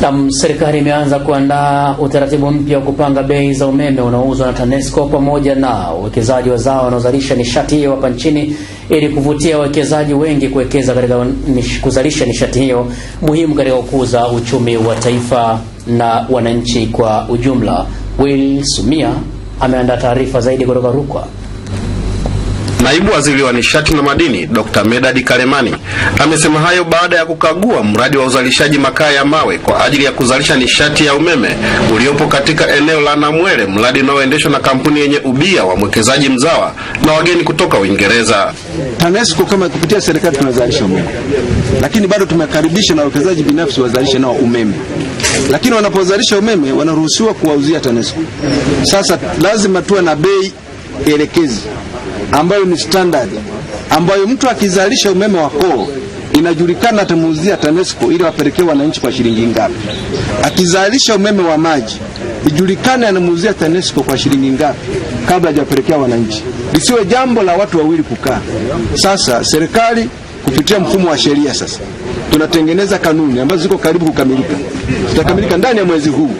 Na serikali imeanza kuandaa utaratibu mpya wa kupanga bei za umeme unaouzwa na TANESCO pamoja na uwekezaji wa zao wanaozalisha nishati hiyo hapa nchini ili kuvutia wawekezaji wengi kuwekeza katika kuzalisha nishati hiyo muhimu katika kukuza uchumi wa taifa na wananchi kwa ujumla. Will Sumia ameandaa taarifa zaidi kutoka Rukwa. Naibu Waziri wa Nishati na Madini Dr. Medadi Kalemani amesema hayo baada ya kukagua mradi wa uzalishaji makaa ya mawe kwa ajili ya kuzalisha nishati ya umeme uliopo katika eneo la Namwele, mradi unaoendeshwa na kampuni yenye ubia wa mwekezaji mzawa na wageni kutoka Uingereza. TANESCO kama kupitia serikali tunazalisha umeme, lakini bado tumekaribisha na wawekezaji binafsi wazalishe nao umeme, lakini wanapozalisha umeme wanaruhusiwa kuwauzia TANESCO. Sasa lazima tuwe na bei elekezi ambayo ni standard ambayo mtu akizalisha umeme wa koo inajulikana atamuuzia TANESCO ili wapelekee wananchi kwa shilingi ngapi. Akizalisha umeme wa maji ijulikane anamuuzia TANESCO kwa shilingi ngapi kabla hajapelekea wananchi, lisiwe jambo la watu wawili kukaa. Sasa serikali kupitia mfumo wa sheria sasa tunatengeneza kanuni ambazo ziko karibu kukamilika, zitakamilika ndani ya mwezi huu,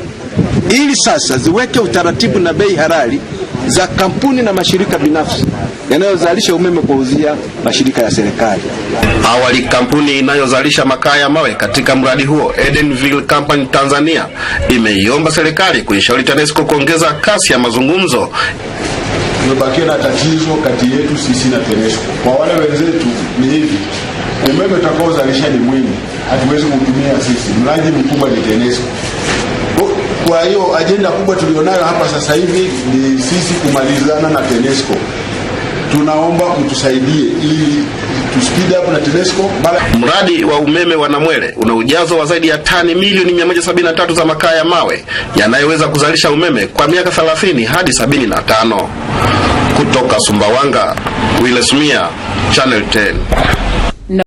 ili sasa ziweke utaratibu na bei halali za kampuni na mashirika binafsi yanayozalisha umeme kuuzia mashirika ya serikali. Awali kampuni inayozalisha makaa ya mawe katika mradi huo Edenville Company Tanzania imeiomba serikali kuishauri TANESCO kuongeza kasi ya mazungumzo. Tumebakia na tatizo kati yetu sisi na TANESCO. Kwa wale wenzetu ni hivi, umeme utakaozalisha ni mwingi, hatuwezi kutumia sisi, mradi mkubwa ni TANESCO. Kwa hiyo ajenda kubwa tulionayo hapa sasa hivi ni sisi kumalizana na TENESCO. Tunaomba mtusaidie ili to speed up na TENESCO. Mradi wa umeme wa Namwele una ujazo wa zaidi ya tani milioni 173 za makaa ya mawe yanayoweza kuzalisha umeme kwa miaka 30 hadi 75. Kutoka Sumbawanga, Willesmia, Channel 10.